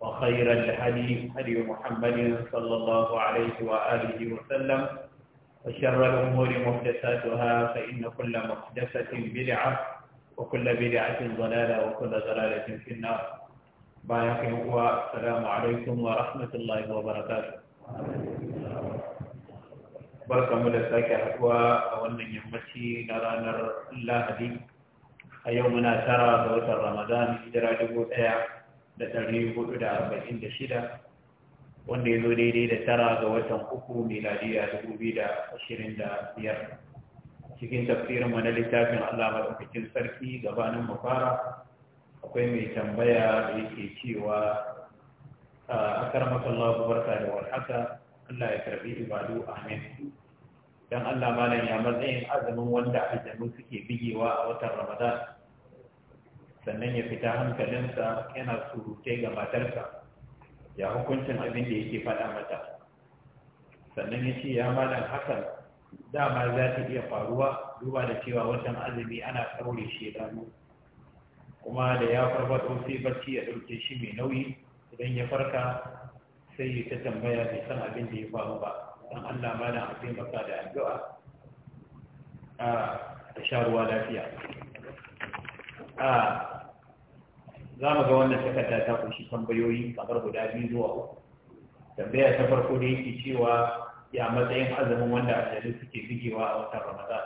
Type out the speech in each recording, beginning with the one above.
وخير الحديث هدي محمد صلى الله عليه وآله وسلم وشر الأمور محدثاتها فإن كل محدثة بدعة وكل بدعة ضلالة وكل ضلالة في النار بايعكم هو السلام عليكم ورحمة الله وبركاته barkamu da sake haduwa a wannan yammaci na ranar lahadi a yau muna tara ga watan ramadan hijira dubu daya da ɗari hudu da arba'in da shida wanda ya zo daidai da tara ga watan uku miladiya dubu biyu da ashirin da biyar cikin tafsirin na littafin allah maɗaukakin sarki gabanin mu fara akwai mai tambaya da yake cewa a karamakan lafi barka da warhaka allah ya karbi ibadu amin Idan allah malam ya matsayin azumin wanda aljanu suke bigewa a watan ramadan sannan ya fita hankalinsa yana surutai ga matarsa ya hukuncin abin da yake faɗa mata sannan ya ce ya malam hakan dama za ta iya faruwa duba da cewa watan azumi ana ɗaure shi kuma da ya farfaɗo sai barci ya ɗauke shi mai nauyi idan ya farka sai ya ta tambaya bai san abin da ya faru ba don allah malam a taimaka da addu'a a sha ruwa lafiya za mu ga wannan takarda ta kunshi tambayoyi kamar guda biyu zuwa uku tambaya ta farko da yake cewa ya matsayin azumin wanda aljanu suke bigewa a watan ramadan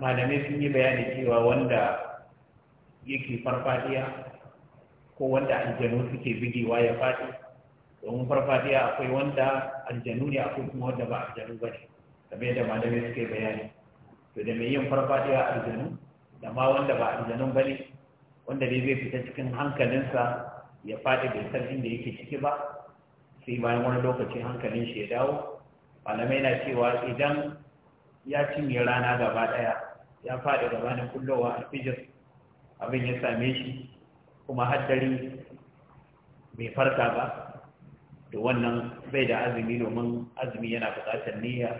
malamai sun yi bayani cewa wanda yake farfadiya ko wanda aljanu suke bigewa ya faɗi domin farfadiya akwai wanda aljanu ne akwai kuma wanda ba aljanu ba ne kamar yadda malamai suke bayani to da mai yin farfadiya aljanu da ma wanda ba aljanun ba ne wanda dai zai fita cikin hankalinsa ya faɗi bai san inda yake ciki ba sai bayan wani lokaci hankalin shi ya dawo malamai na cewa idan ya cinye rana gaba ɗaya ya faɗi gabanin kullowa alfijir abin ya same shi kuma haddari bai farka ba da wannan bai da azumi domin azumi yana buƙatar niyya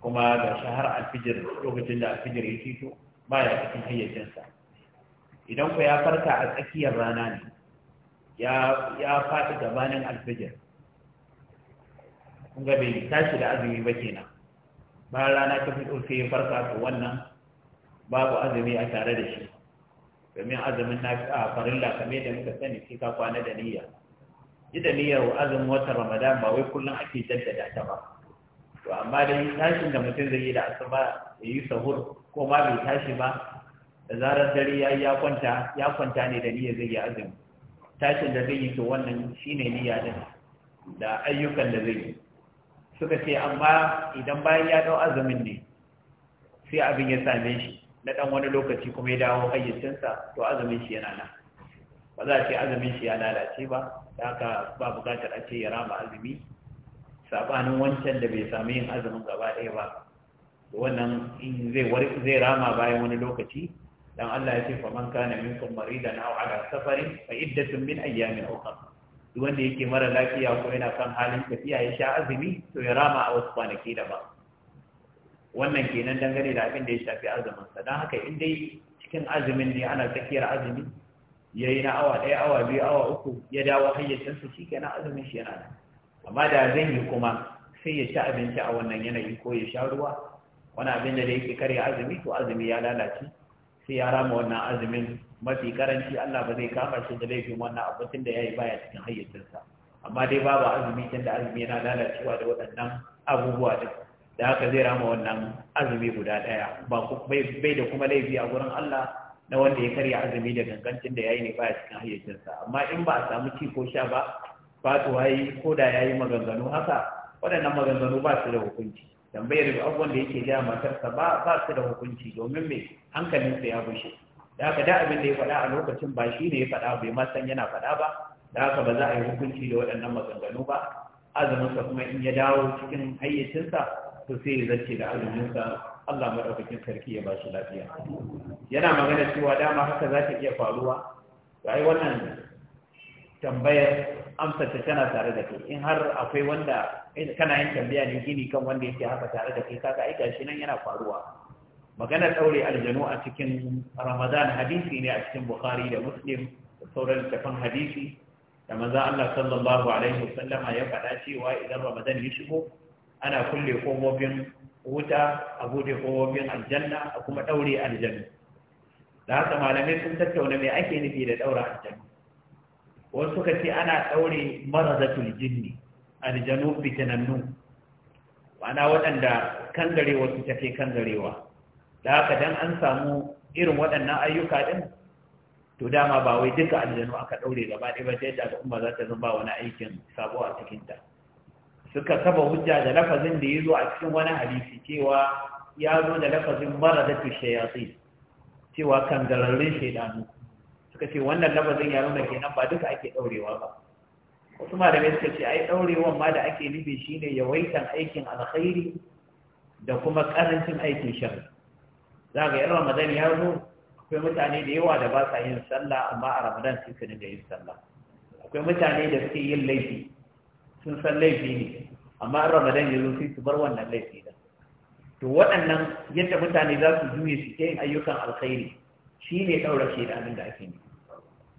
kuma ga shahar alfijir lokacin da alfijir ya fito baya cikin hayyacinsa idan ku ya farka a tsakiyar rana ne ya faɗi gabanin alfijir kun ga bai tashi da azumi ba kenan bayan rana ta fi ya farka to wannan babu azumi a tare da shi domin azumin na a farilla kame da muka sani sai ka kwana da niyya ji da niyyar azumin watan ramadan ba wai kullum ake jaddada ta ba to amma dai tashin da mutum zai yi da asuba ya yi sahur ko ma bai tashi ba da zarar dare ya ya kwanta ya kwanta ne da niyyar zai yi azumi tashin da zai yi to wannan shine niyya din da ayyukan da zai yi suka ce amma idan bayan ya dau azumin ne sai abin ya same shi na dan wani lokaci kuma ya dawo hayyacinsa to azumin shi yana nan ba za a ce azumin shi ya lalace ba da haka ba bukatar a ce ya rama azumi sabanin wancan da bai sami yin azumin gaba ɗaya ba wannan in zai zai rama bayan wani lokaci dan Allah ya ce fa man kana minkum maridan aw ala safari fa iddatun min ayyamin ukhra duk wanda yake mara lafiya ko yana kan halin tafiya ya sha azumi to ya rama a wasu kwanaki da ba wannan kenan dangane da abin da ya shafi azumin sa dan haka in dai cikin azumin ne ana tsakiyar azumi yayi na awa ɗaya awa biyu awa uku ya dawo hayyacin su shikenan azumin shi yana nan amma da zan yi kuma sai ya ci abinci a wannan yanayi ko ya sha ruwa wani abin da yake karya azumi to azumi ya lalace sai ya rama wannan azumin mafi karanci Allah ba zai kama shi da laifin wannan abincin da ya yi baya cikin hayyacinsa amma dai babu azumi tun da azumi yana lalacewa da waɗannan abubuwa din da haka zai rama wannan azumi guda ɗaya ba bai da kuma laifi a gurin Allah na wanda ya karya azumi da gangancin da ya yi ne baya cikin hayyacinsa amma in ba a samu ci ko sha ba fatuwa yi ko da ya yi maganganu haka waɗannan maganganu ba su da hukunci tambayar da abubuwan da yake gaya matarsa ba ba su da hukunci domin mai su ya bushe da haka da abin da ya faɗa a lokacin ba shi ne ya faɗa bai ma san yana faɗa ba da haka ba za a yi hukunci da waɗannan maganganu ba azumin azuminsa kuma in ya dawo cikin sa to sai ya zace da azumin sa Allah madaukakin sarki ya ba shi lafiya yana magana cewa dama haka za ta iya faruwa ai wannan tambayar amsar tana tare da kai in har akwai wanda kana yin tambaya ne gini kan wanda yake haka tare da kai kaga aika shi nan yana faruwa maganar daure aljanu a cikin ramadan hadisi ne a cikin bukhari da muslim da sauran littafan hadisi da manzon Allah sallallahu alaihi wasallama ya faɗa cewa idan ramadan ya shigo ana kulle kofofin wuta a bude kofofin aljanna a kuma daure aljanu da haka malamai sun tattauna me ake nufi da daura aljanu wasu suka ce ana ɗaure marazatul jinni aljanu fitanannu ana waɗanda kangarewa su take kangarewa da haka dan an samu irin waɗannan ayyuka din to dama ba wai duka aljanu aka ɗaure gaba ɗaya ba sai da al'umma za ta zama wani aikin sabo a cikinta suka saba hujja da lafazin da ya zo a cikin wani hadisi cewa ya zo da lafazin ya shayatsi cewa kangararrun shaidanu suka ce wannan lafazin ya nuna kenan ba duka ake daurewa ba wasu malamai suka ce ai daurewan ma da ake nufi shine yawaitan aikin alkhairi da kuma karancin aikin sharri za ga yan ramadan ya zo akwai mutane da yawa da ba sa yin sallah amma a ramadan sun su yin sallah akwai mutane da suke yin laifi sun san laifi ne amma a ramadan ya zo sun su bar wannan laifi da to waɗannan yadda mutane za su juye su ke yin ayyukan alkhairi shi ne ɗaura shi da abin da ake nufi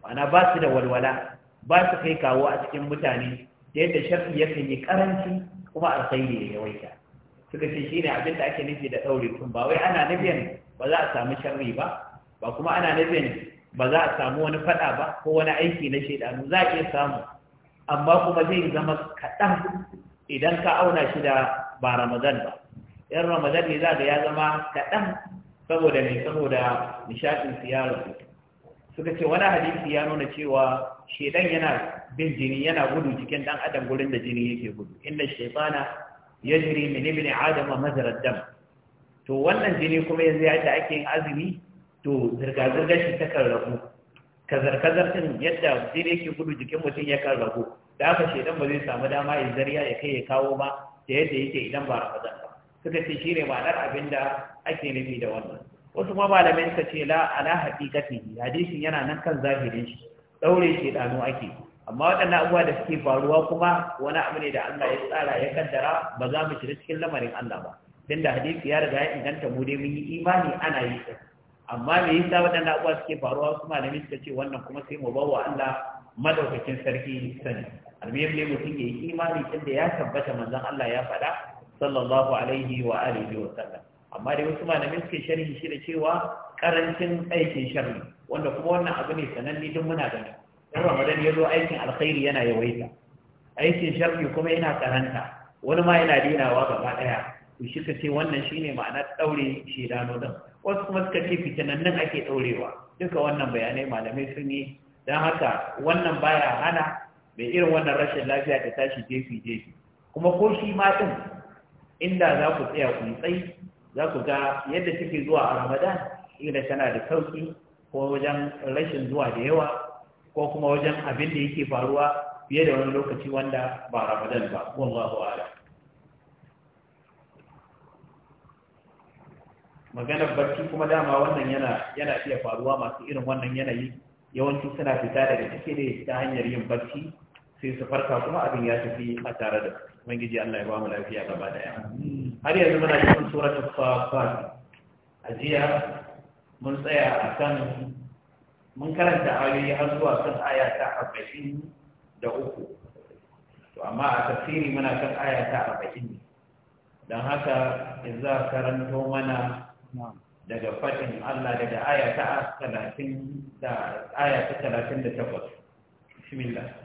ma'ana ba su da walwala ba su kai kawo a cikin mutane da yadda ya yakan yi karanci kuma alkhairi ya yawaita suka ce shine abin da ake nufi da ɗaure tun ba wai ana nufin ba za a samu sharri ba ba kuma ana nufin ba za a samu wani faɗa ba ko wani aiki na shaidanu za a iya samu amma kuma zai zama kaɗan idan ka auna shi da ba ramadan ba yan ramadan ne za ga ya zama kaɗan saboda ne saboda nishaɗin siyarar suka ce wani hadisi ya nuna cewa shedan yana bin jini yana gudu cikin dan adam gurin da jini yake gudu inna shaytana yajri min ibn adam mazra dam to wannan jini kuma yanzu ta ake yin azumi to zirga zirga shi ta kan kazar kazar din yadda jini yake gudu jikin mutum ya kan rabu da haka shedan ba zai samu dama ya zariya ya kai ya kawo ba da yadda yake idan ba ramadan ba suka ce shine ma'anar abinda ake nufi da wannan wasu ma malamai suka ce la ala haqiqati hadisin yana nan kan zahirin shi daure shi dano ake amma waɗannan abubuwa da suke faruwa kuma wani abu ne da Allah ya tsara ya kaddara ba za mu shiga cikin lamarin Allah ba tun da hadisi ya riga ya inganta mu dai mun yi imani ana yi amma me yasa waɗannan abubuwa suke faruwa kuma da suka ce wannan kuma sai mu bawa Allah madaukakin sarki sani almuhim ne mutum ya yi imani tunda ya tabbata manzon Allah ya faɗa sallallahu alaihi wa alihi wa sallam amma dai wasu malamai suke sharhi shi da cewa karancin aikin sharri wanda kuma wannan abu ne sananne duk muna gani in ramadan ya zo aikin alkhairi yana yawaita aikin sharri kuma yana karanta wani ma yana dinawa gaba daya to shi ka ce wannan shine ma'ana daure shedano din wasu kuma suka ce fitanannin ake daurewa duka wannan bayanai malamai sun yi don haka wannan baya hana mai irin wannan rashin lafiya ta tashi jefi jefi kuma ko shi ma din inda za ku tsaya ku tsayi za ku ga yadda take zuwa a ramadan Ina tana da sauki ko wajen rashin zuwa da yawa ko kuma wajen abin da yake faruwa fiye da wani lokaci wanda ba ramadan ba wallahu a'lam maganar barci kuma dama wannan yana yana iya faruwa masu irin wannan yanayi yawanci suna fita daga cike ne ta hanyar yin barci sai su farka kuma abin ya tafi a tare da su ubangiji Allah ya ba mu lafiya gaba daya har yanzu muna cikin suratul safat ajiya mun tsaya akan mun karanta ayoyi har zuwa kan aya ta 40 da uku to amma a tafsiri muna kan aya ta 40 ne dan haka in za karanto mana daga fadin Allah daga aya ta 30 da aya ta 38 bismillah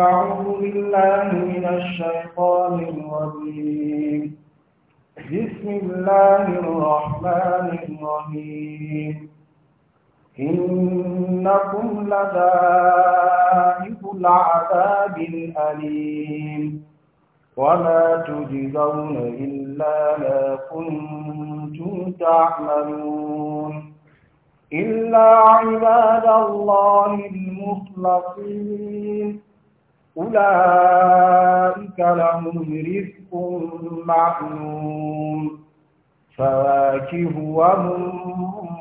أعوذ بالله من الشيطان الرجيم بسم الله الرحمن الرحيم إنكم لذائق العذاب الأليم وما تجزون إلا ما كنتم تعملون إلا عباد الله المخلصين أولئك لهم رزق معلوم فواكه وهم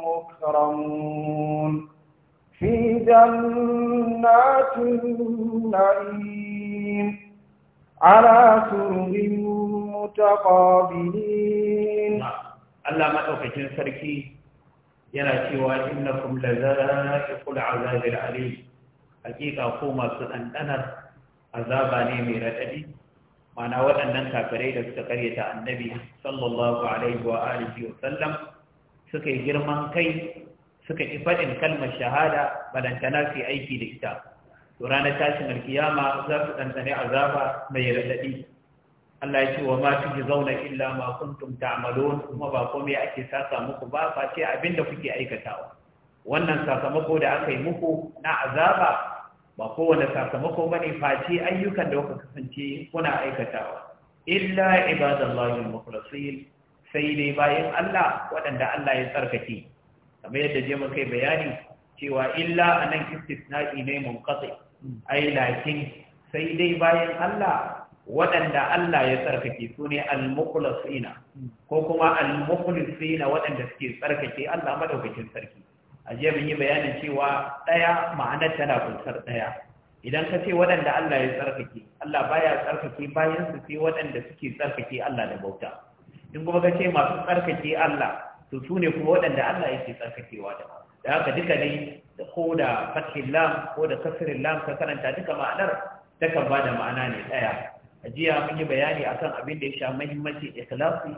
مكرمون في جنات النعيم على سرر متقابلين الله ما أوكي سركي yana cewa innakum laza'iqul azab alim hakika ko masu dandanar azaba ne mai raɗaɗi mana waɗannan kafirai da suka karyata annabi sallallahu alaihi wa alihi wa sallam suka yi girman kai suka ki faɗin kalmar shahada balantana su aiki da ita to ranar tashin alkiyama za su ɗanɗane azaba mai raɗaɗi Allah ya ce wa ma zauna illa ma kuntum kuma ba komai ake saka muku ba face abinda kuke aikatawa wannan sakamako da aka yi muku na azaba ba kowane sakamako bane face ayyukan da kuka kasance kuna aikatawa illa ibadallahi al-mukhlasin sai dai bayan Allah waɗanda Allah ya tsarkake kamar yadda je muka bayani cewa illa anan istisna'i ne munqati ai lakin sai dai bayan Allah waɗanda Allah ya tsarkake su ne al-mukhlasina ko kuma al-mukhlasina waɗanda suke tsarkake Allah madaukakin sarki a jiya mun yi bayanin cewa ɗaya ma'anar tana kunsar ɗaya idan ka ce waɗanda Allah ya tsarkake Allah baya tsarkake bayan su sai waɗanda suke tsarkake Allah da bauta in kuma ka ce masu tsarkake Allah to su ne kuma waɗanda Allah yake tsarkakewa da da haka duka ne da ko da fatin lam ko da kasirin lam ka karanta duka ma'anar takan ba da ma'ana ne ɗaya a jiya mun yi bayani akan abin da ya sha muhimmanci ikhlasi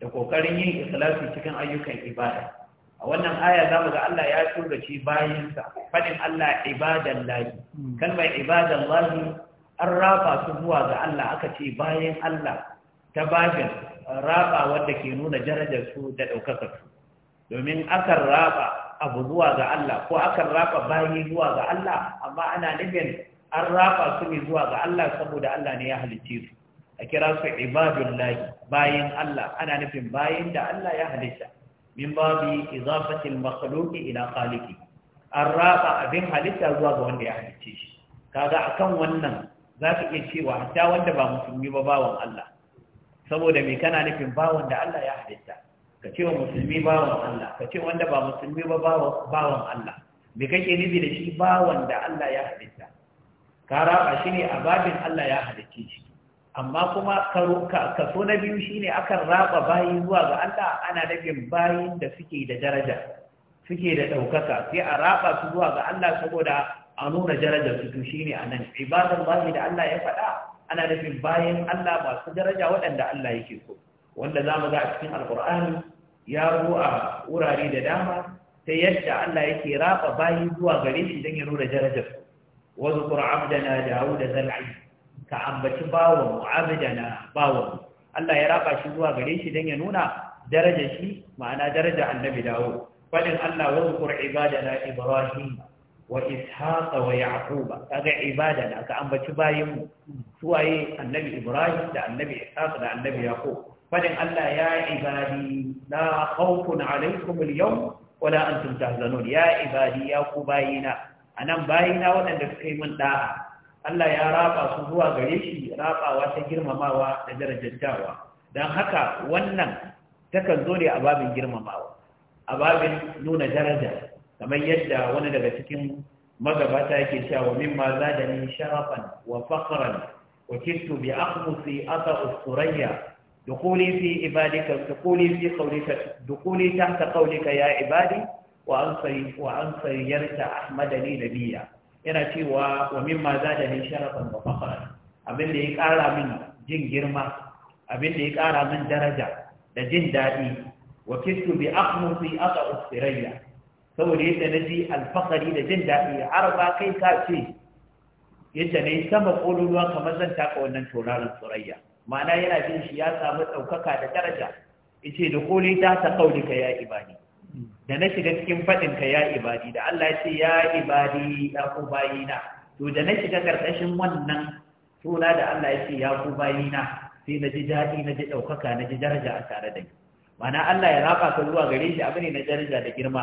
da kokarin yin ikhlasi cikin ayyukan ibada a wannan aya za mu ga Allah ya shugaci bayansa faɗin Allah ibadan lahi hmm. kalmar ibadan lahi an rafa su zuwa ga Allah aka ce bayan Allah ta bajin rafa da ke nuna darajar su da ɗaukaka su domin akan rafa abu zuwa ga Allah ko akan rafa bayi zuwa ga Allah amma ana nufin an rafa su ne zuwa ga Allah saboda Allah ne ya halicce su a kira su ibadun lahi bayan Allah ana nufin bayan da Allah ya halitta min babi izafatil makhluqi ila khaliqi an raba abin halitta zuwa ga wanda ya halicce shi kaga akan wannan zaka iya cewa hatta wanda ba musulmi ba bawan Allah saboda me kana nufin bawan da Allah ya halitta ka ce wa musulmi bawan Allah ka ce wanda ba musulmi ba bawan Allah me kake nufi da shi bawan da Allah ya halitta ka raba shi ne a babin Allah ya halicce shi amma kuma kaso na biyu shine akan raba bayi zuwa ga Allah ana nabin bayin da suke da daraja suke da ɗaukaka sai a raba su zuwa ga Allah saboda a nuna darajar su to shine anan ibadan bayi da Allah ya faɗa ana nabin bayin Allah masu daraja waɗanda Allah yake so wanda zamu ga a cikin alqur'ani ya ruwa wurare da dama sai yadda Allah yake raba bayi zuwa gare shi dan ya nuna darajar su wa zkur abdana daud zal'i ka ambaci bawon na bawon Allah ya raba shi zuwa gare shi dan ya nuna daraja shi ma'ana daraja annabi dawo fadin Allah wa zkur ibadana ibrahim wa ishaqa wa yaquba kaga ibadana ka ambaci bayin suwaye annabi ibrahim da annabi ishaq da annabi yaqub fadin Allah ya ibadi la khawfun alaykum al-yawm wala antum tahzanun ya ibadi ya ku bayina anan bayina waɗanda suka yi min da'a Allah ya raba su zuwa gare shi rabawa ta girmamawa da darajar darajantawa don haka wannan takan zo ne a babin girmamawa a babin nuna daraja kamar yadda wani daga cikin magabata yake cewa mimma ni sharafan wa fakhran wa kittu bi aqmusi ata usturayya fi ibadika عبادك fi qawlika قولك tahta qawlika ya ibadi, wa وأنصر wa يرت yarta ahmadani nabiyya yana cewa wa mimma da ni sharafan wa ba, abin da ya ƙara min jin girma abin da ya kara min daraja da jin daɗi wa kitu bi aqmusi aqa usfirayya saboda yadda na ji alfakari da jin daɗi har ba kai ka ce yadda na yi sama ƙololuwa kamar zan taka wannan tauraron surayya ma'ana yana jin shi ya samu ɗaukaka da daraja ice da koli ta ta kauli ka ya ibani da na shiga cikin faɗin ka ya ibadi da Allah ya ce ya ibadi ya ku bayina to da na shiga karkashin wannan suna da Allah ya ce ya ku bayina sai na ji daɗi na ji ɗaukaka na ji daraja a tare da ni Mana Allah ya raba ka zuwa gare shi abu ne na daraja da girma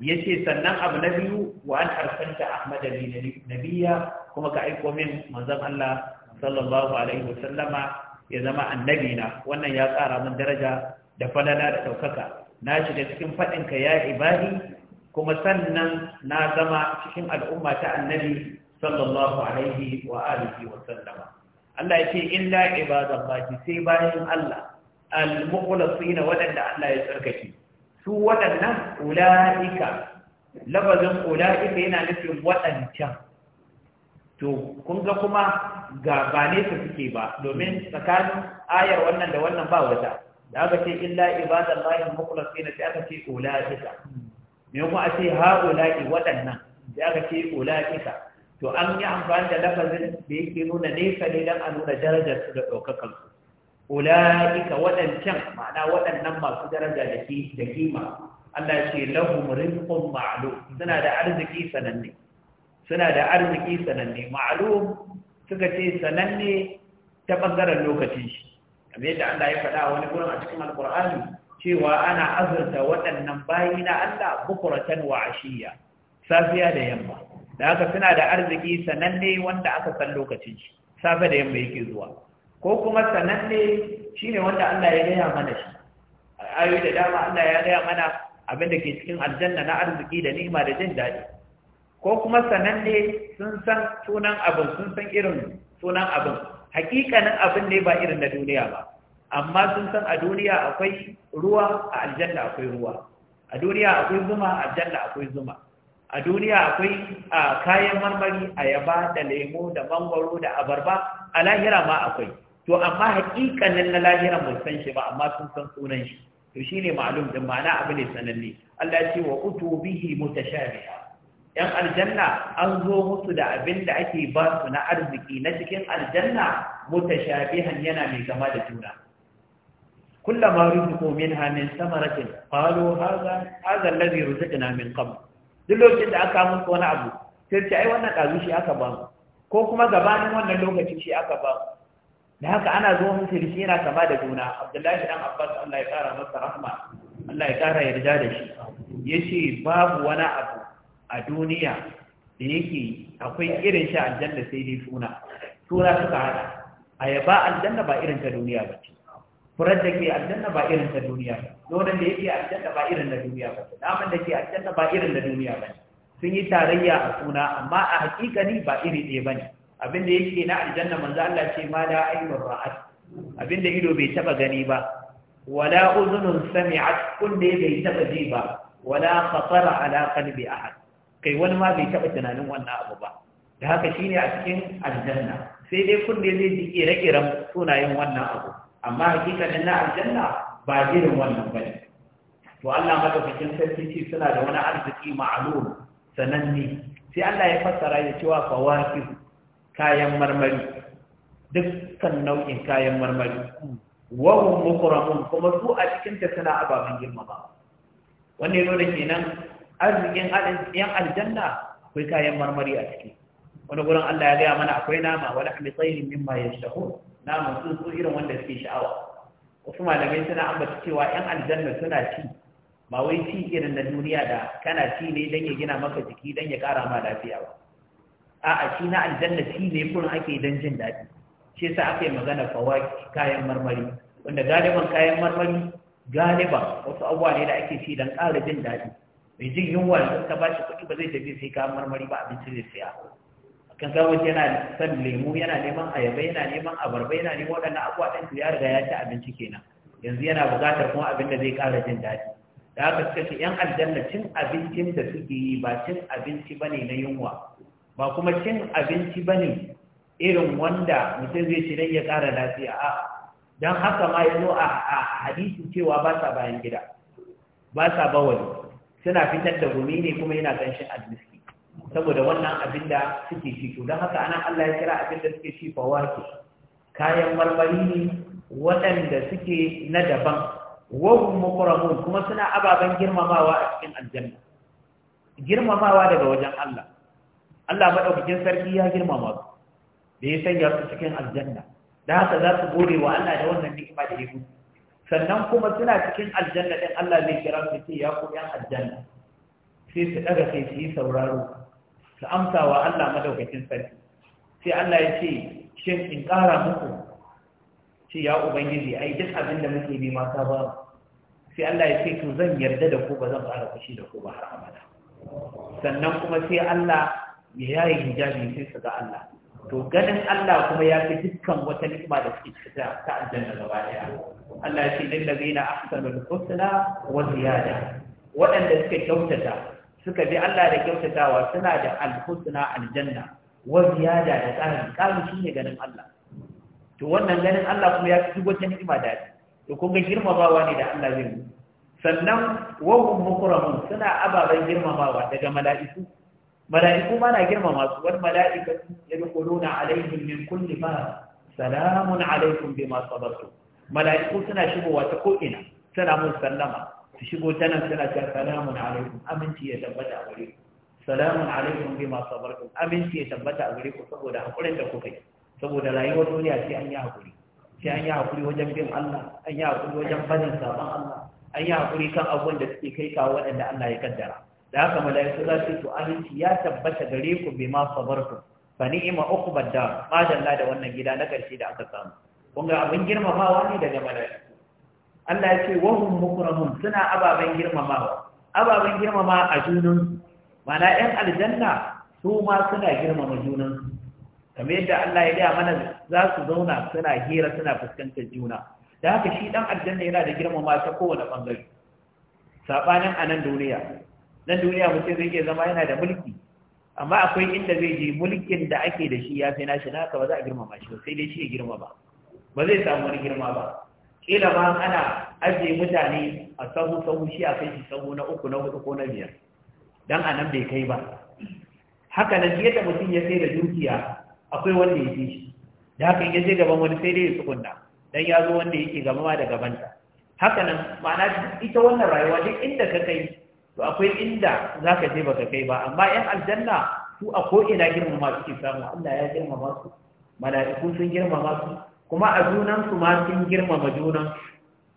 ya ce sannan abu na biyu wa an harfanta Ahmad Ali nabiya kuma ka aiko min manzon Allah sallallahu alaihi wa ya zama annabi na wannan ya ƙara min daraja da falala da ɗaukaka na shiga cikin faɗinka ya ibadi kuma sannan na zama cikin al'umma ta annabi sallallahu alaihi wa alihi wa sallama Allah yake illa ibadallahi sai bayan Allah al-mukhlasina waɗanda Allah ya tsarkake su waɗannan ulaika labarin ulaika yana nufin waɗancan to kun ga kuma ga ba ne su suke ba domin tsakanin ayar wannan da wannan ba wata da aka ce illa ibadallahi mukhlasin sai aka ce ulaika me kuma a ce haula'i waɗannan sai aka ce ulaika to an yi amfani da lafazin da yake nuna nesa ne dan a nuna darajar su da ɗaukakar su ulaika waɗancan ma'ana waɗannan masu daraja da da kima Allah ce lahum rizqun ma'lum suna da arziki sananne suna da arziki sananne ma'lum suka ce sananne ta bangaren lokacin shi kamar yadda Allah ya faɗa wani gurin a cikin Alƙur'ani cewa ana azurta waɗannan bayi na Allah bukuratan wa ashiya safiya da yamma da haka suna da arziki sananne wanda aka san lokacin shi safe da yamma yake zuwa ko kuma sananne shine wanda Allah ya gaya mana shi ayoyi da dama Allah ya gaya mana abin da ke cikin aljanna na arziki da ni'ima da jin daɗi ko kuma sananne sun san sunan abin sun san irin sunan abin hakikanin abin ne ba irin na duniya ba amma sun san a duniya akwai ruwa a aljanna akwai ruwa a duniya akwai zuma a aljanna akwai zuma a duniya akwai a kayan marmari ayaba da lemo da mangwaro da abarba a lahira ma akwai to amma hakikanin na lahira mun san shi ba amma sun san sunan shi to shine ma'lum din ma'ana abin ne sananne Allah ya ce wa utu bihi mutashabiha yan aljanna an zo musu da abin da ake ba su na arziki na cikin aljanna mutashabihan yana mai gama da juna kullama rizqu minha min samaratin qalu hadha hadha alladhi rizqna min kam. duk lokacin da aka musu wani abu sai ce ai wannan dazu shi aka ba mu ko kuma gabanin wannan lokaci shi aka ba mu da haka ana zo musu da shi yana kama da juna abdullahi ɗan abbas Allah ya kara masa rahma Allah ya kara yarda da shi Ya ce babu wani abu a duniya da yake akwai irin shi aljanna sai dai suna suna suka hada ayaba aljanna ba irin ta duniya ba ce furar da ke aljanna ba irin ta duniya ba nonon da yake aljanna ba irin na duniya ba naman da ke aljanna ba irin na duniya ba sun yi tarayya a suna amma a hakikani ba iri ɗaya ba ne abin da yake na aljanna manzo Allah ce ma da ayyur ra'at abin da ido bai taba gani ba wala uzunun sami'at da bai taba ji ba wala khatara ala qalbi ahad kai wani ma bai taɓa tunanin wannan abu ba da haka shine a cikin aljanna sai dai kunne zai ji ire kiren sunayen wannan abu amma hakikanin na aljanna ba irin wannan bane to Allah madaukakin sarki ce suna da wani arziki ma'lum sananne sai Allah ya fassara ya cewa fawakih kayan marmari dukkan nau'in kayan marmari hum mukramun kuma su a cikin ta suna ababen girmama wannan yana kenan arzikin yan aljanna akwai kayan marmari a ciki wani gurin Allah ya gaya mana akwai nama wani a mimma ya shaho naman tsuntsu irin wanda suke sha'awa wasu malamai suna ambata cewa yan aljanna suna ci ba wai ci irin na duniya da kana ci ne don ya gina maka jiki don ya kara ma lafiya ba a'a ci na aljanna ci ne kurin ake don jin daɗi shi yasa aka yi magana fawaki kayan marmari wanda galiban kayan marmari galiban wasu abubuwa ne da ake ci don ƙara jin daɗi mai jin yunwa da ka ba shi kuɗi ba zai tafi sai ka marmari ba abinci zai saya kan kawo yana son lemu yana neman ayaba yana neman abarba yana neman waɗannan abubuwa ɗin ya riga ya ci abinci kenan yanzu yana buƙatar kuma abin da zai ƙara jin daɗi da haka suka ce yan aljanna cin abincin da suke yi ba cin abinci ba ne na yunwa ba kuma cin abinci ba ne irin wanda mutum zai ci don ya ƙara lafiya a dan haka ma ya zo a hadisi cewa ba sa bayan gida ba sa bawali suna fitar da gumi ne kuma yana ganshin almiski saboda wannan abin da suke shi. to don haka anan Allah ya kira abin da suke ci fawaki kayan marmari ne waɗanda suke na daban wahum mukramun kuma suna ababen girmamawa a cikin aljanna girmamawa daga wajen Allah Allah madaukakin sarki ya girmama su da ya sanya su cikin aljanna da haka za su gode wa Allah da wannan ni'ima da ya sannan kuma suna cikin aljanna din Allah zai kira su ce ya ku yan aljanna sai su ɗaga sai su yi sauraro su amsa wa Allah madaukakin sarki sai Allah ya ce shin in ƙara muku ce ya ubangiji ai duk abin da muke bi mata ba sai Allah ya ce to zan yarda da ku ba zan fara fushi da ku ba har abada sannan kuma sai Allah ya yi hijabi sai su ga Allah to ganin Allah kuma ya fi dukkan wata ni'ima da suke cika ta aljanna gaba daya Allah ya ce lil ladina ahsanul husna wa ziyada waɗanda suka kyautata suka bi Allah da kyautatawa suna da alhusna aljanna wa ziyada da tsarin kalu shine ganin Allah to wannan ganin Allah kuma ya fi duk wata ni'ima da to kun ga girmamawa ne da Allah zai yi sannan wa hum mukramun suna ababen girmamawa daga mala'iku mala'iku ma na girma masu girmama su bi mala'ikatu yadkhuluna alaihim min kulli bab salamun bi bima sabartum mala'iku suna shigowa ta ko'ina suna mun sallama su shigo ta nan suna cewa salamun alaikum aminci ya tabbata a gare ku salamun alaikum bima sabartum aminci ya tabbata a gare ku saboda hakurin da kuka yi saboda rayuwar duniya sai an yi haƙuri. sai an yi haƙuri wajen bin Allah an yi haƙuri wajen barin sabon Allah an yi haƙuri kan abubuwan da suke kai kawo waɗanda Allah ya kaddara da haka mala'iku za su to aminci ya tabbata gare ku bi ma sabarku fa ni'ma uqbad dar madalla da wannan gida na karshe da aka samu kun ga abin girmamawa ne daga mala'iku Allah ya ce wa hum mukramun suna ababen girmamawa ababen girmama a junansu mana ƴan aljanna su ma suna girmama junansu kamar yadda Allah ya gaya mana za su zauna suna hira suna fuskantar juna da haka shi dan aljanna yana da girmama ta kowane bangare a anan duniya nan duniya mutum zai iya zama yana da mulki amma akwai inda zai je mulkin da ake da shi ya fi nashi na haka ba za a girmama shi sai dai shi ya girma ba ba zai samu wani girma ba kila ma ana ajiye mutane a sahu sahu shi a kai shi sahu na uku na hudu ko na biyar dan a nan bai kai ba haka nan yadda mutum ya sai da dukiya akwai wanda ya fi shi da haka ya je gaban wani sai dai ya tsukunna dan ya zo wanda yake gaba ma da gabanta haka nan ma'ana ita wannan rayuwa duk inda ka kai to akwai inda za ka je baka kai ba amma yan aljanna su a ko'ina girmama suke samu Allah ya girmama su mala'iku sun girmama su kuma a junansu ma sun girmama junan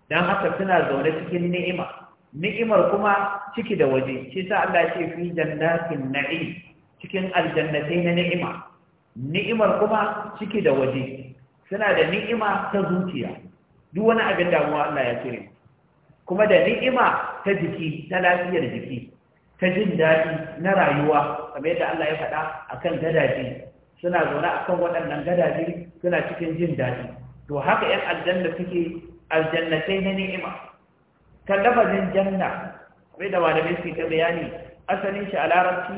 don haka suna zaune cikin ni'ima ni'imar kuma ciki da waje shi sa Allah ce fi jannatin na'im cikin aljannatai na ni'ima ni'imar kuma ciki da waje suna da ni'ima ta zuciya duk wani abin damuwa Allah ya cire kuma da ni'ima ta jiki ta lafiyar jiki ta jin daɗi na rayuwa kamar yadda Allah ya faɗa akan gadaje suna zaune akan waɗannan gadaje suna cikin jin daɗi to haka 'yan aljanna suke aljannatai na ni'ima kan lafazin janna kamar da malamai suke ta bayani asalin shi a larabci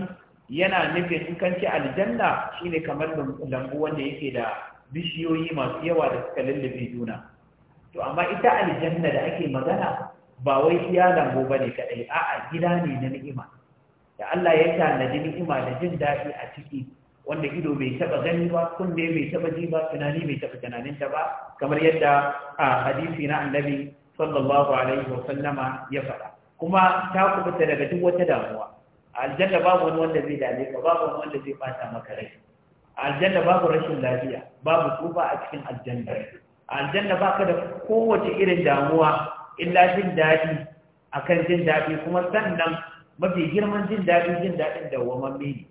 yana nufin in kan ce aljanna shine kamar lambu wanda yake da bishiyoyi masu yawa da suka lullube juna to amma ita aljanna da ake magana ba wai iya lambu ba ne kaɗai a'a gida ne na ni'ima da Allah ya tanadi ni'ima da jin daɗi a ciki wanda ido bai taɓa gani ba kunne bai taɓa ji ba tunani bai taɓa tunaninta ba kamar yadda a hadisi na annabi sallallahu alaihi wa sallama ya faɗa kuma ta kubuta daga duk wata damuwa a aljanna babu wani wanda zai dame ka babu wani wanda zai bata maka rai a aljanna babu rashin lafiya babu tsufa a cikin aljanna a aljanna baka da kowace irin damuwa illa jin daɗi akan jin daɗi kuma sannan mafi girman jin daɗi jin daɗin da ne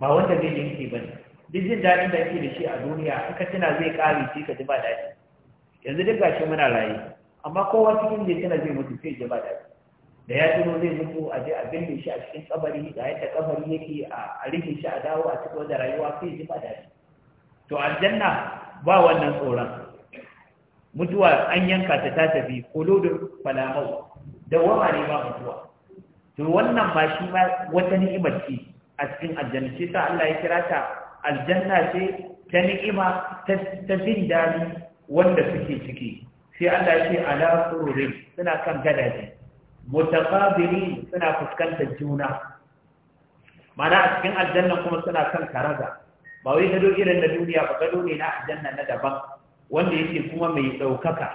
ba wanda zai yanke ba ne duk jin daɗin da yake da shi a duniya in ka tuna zai kare shi ka ji ba daɗi yanzu duk gashi muna raye amma kowa cikin da tana zai mutu sai ji ba daɗi da ya tuno zai mutu a je a binne shi a cikin kabari ga yadda kabari yake a rike shi a dawo a cikin da rayuwa sai ji ba daɗi to aljanna ba wannan tsoron mutuwa an yanka ta ta tafi kuludun falamau dawama ne ba mutuwa to wannan ma shi ba wata ni'imar ce a cikin aljanna ce ta Allah ya kira ta aljanna ce ta ni'ima ta jin daɗi wanda suke ciki sai Allah ya ce ala sururin suna kan gadaje mutaqabilin suna fuskantar juna mana a cikin aljanna kuma suna kan karaza ba wai gado irin na duniya ba gado ne na aljanna na daban wanda yake kuma mai ɗaukaka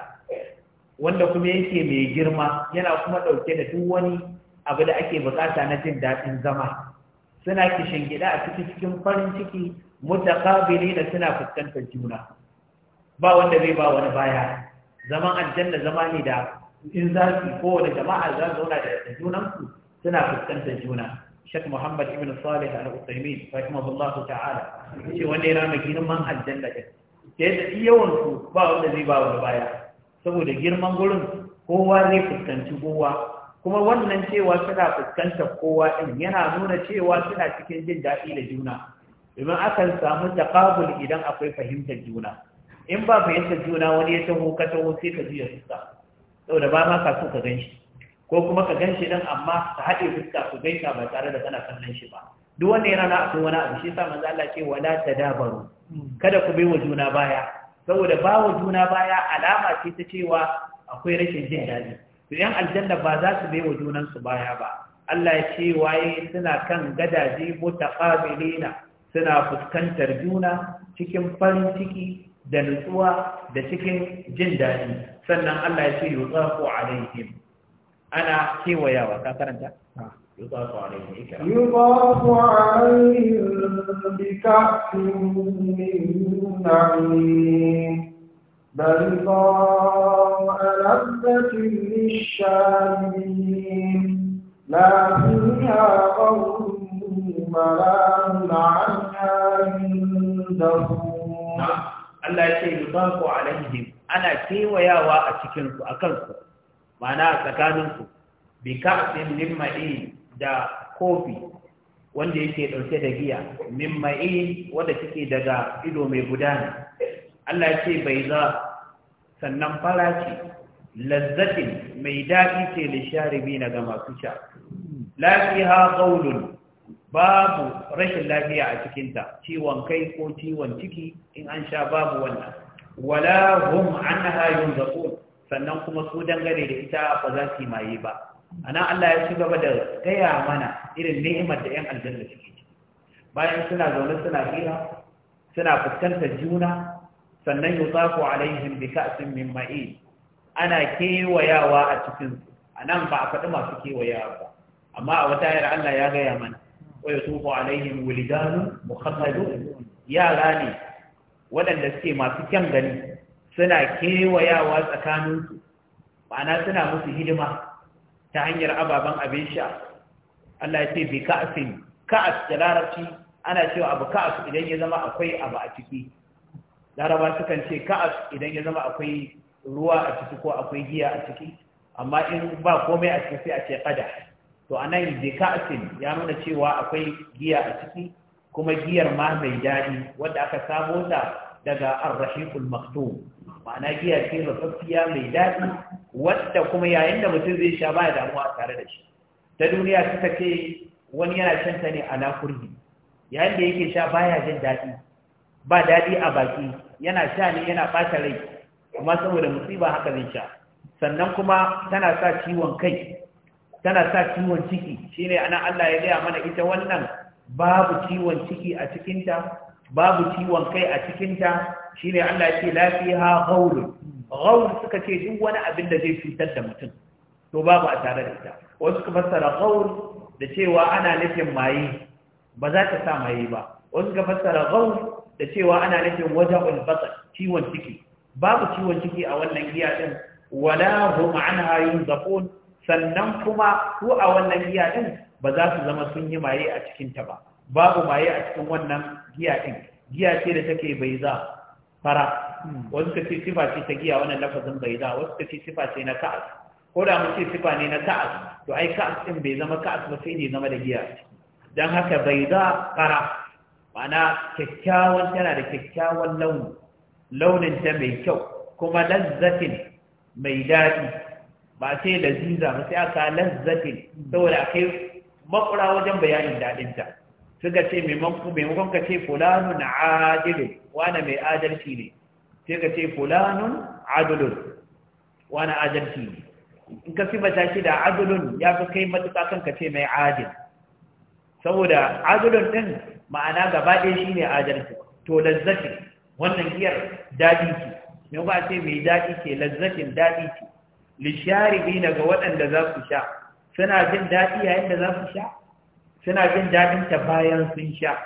wanda kuma yake mai girma yana kuma ɗauke da duk wani abu da ake bukata na jin daɗin zama suna kishin gida a cikin cikin farin ciki mutaqabili da suna fuskantar juna ba wanda bai ba wani baya zaman aljanna zama ne da in za su wani jama'a za su zauna da junansu suna fuskantar juna shek muhammad ibn salih al-usaimin rahimahullahu ta'ala ce wanda ya rama girman aljanna ɗin. Sai yadda yawan su ba wanda zai ba wa baya saboda girman gurin kowa zai fuskanci kowa kuma wannan cewa suna fuskantar kowa ɗin yana nuna cewa suna cikin jin daɗi da juna domin akan samu taƙabul idan akwai fahimtar juna in ba fahimtar juna wani ya taho ka taho sai ka juya fuska saboda ba ma ka so ka gan ko kuma ka ganshi shi amma ka haɗe fuska ku gaisa ba tare da kana kallon shi ba duk wanda yana na akwai wani abu shi sa manzo Allah ce wala tadabaru kada ku baiwa juna baya saboda bawa juna baya alama ce ta cewa akwai rashin jin daɗi to yan aljanna ba za su baiwa junan su baya ba Allah ya ce waye suna kan gadaje mutaqabilina suna fuskantar juna cikin farin ciki da nutsuwa da cikin jin daɗi sannan Allah ya ce yuzafu alaihim ana kewayawa ka karanta ah. يطاف عليهم بكأس يطاف عليهم بكأس من معين بيضاء لذة للشاربين لا فيها غول ولا هم عنها يندهون Allah ya ce yudafu alaihim ana kewayawa a cikin su akan su a tsakanin da kofi wanda yake ɗauke da giya min mai wanda take daga ido mai gudana Allah ce bai za sannan fara ce lazzatin mai daɗi ce lisharibi na ga masu sha lafiya ƙaunin babu rashin lafiya a cikinta ciwon kai ko ciwon ciki in an sha babu wannan wala hum annaha yunzaqun sannan kuma su dangane da ita ba za su yi maye ba ana Allah ya ci gaba da gaya mana irin ni'imar da 'yan aljanna suke ci bayan suna zaune suna hira suna fuskantar juna sannan yutsafu alaihim bi ka'sin min ma'i ana kewayawa a cikin su anan ba a faɗi masu kewayawa ba amma a wata yar Allah ya gaya mana wa yutufu alaihim wulidanu mukhalladun yara ne waɗanda suke masu kyan gani suna kewayawa tsakaninsu ma'ana suna musu hidima ta hanyar ababen abin sha Allah ya ce bi ka'asin ka'as da larabci ana cewa abu ka'as idan ya zama akwai abu a ciki laraba kan ce ka'as idan ya zama akwai ruwa a ciki ko akwai giya a ciki amma in ba komai a ciki sai a ce kada to anan bi ka'asin ya nuna cewa akwai giya a ciki kuma giyar ma mai daɗi wadda aka samo ta daga arrahiqul maktum ma'ana giya ce rufaffiya mai daɗi wadda kuma yayin da mutum zai sha baya damuwa tare da shi ta duniya suka ce wani yana shan ne a nakurhi yayin da yake sha baya jin daɗi ba daɗi a baki yana sha ne yana ɓata rai kuma saboda musiba haka zai sha sannan kuma tana sa ciwon kai tana sa ciwon ciki shine ana Allah ya gaya mana ita wannan babu ciwon ciki a cikinta babu ciwon kai a cikinta shi ne Allah ce lafiha ghaul ghaul suka ce duk wani abin da zai cutar da mutum to babu a tare da ita wasu suka fassara ghaul da cewa ana nufin maye ba za ta sa maye ba wasu suka fassara ghaul da cewa ana nufin waja'ul basar ciwon ciki babu ciwon ciki a wannan giya din wala hum anha yunzafun sannan kuma ko a wannan giya din ba za su zama sun yi maye a cikinta ba babu maye a cikin wannan giya din giya ce da take bai za fara hmm. wasu ka ce sifa ce ta giya wannan lafazin bai za wasu ka ce sifa ce na ka'as ko da mu ce sifa ne na ka'as to ai ka'as din bai zama ka'as ba sai ne zama da giya dan haka bai za fara ma'ana kyakkyawan tana da kyakkyawan launi launin ta mai kyau kuma lazzatin mai daɗi ba sai laziza ba sai aka lazzatin hmm. saboda akai makura wajen bayanin daɗinta suka ce maimakon ka ce fulanun adilu wane mai adalci ne sai ka ce fulanun adilun wane adalci ne in ka fi shi da adilun ya fi kai matuƙa kan ka ce mai adil saboda adilun ɗin ma'ana gaba ɗaya shi ne adalci to lazzatin wannan giyar daɗi ce mai ba ce mai daɗi ce lazzatin daɗi ce lishari bi daga waɗanda za su sha suna jin daɗi yayin da za su sha suna jin daɗinta bayan sun sha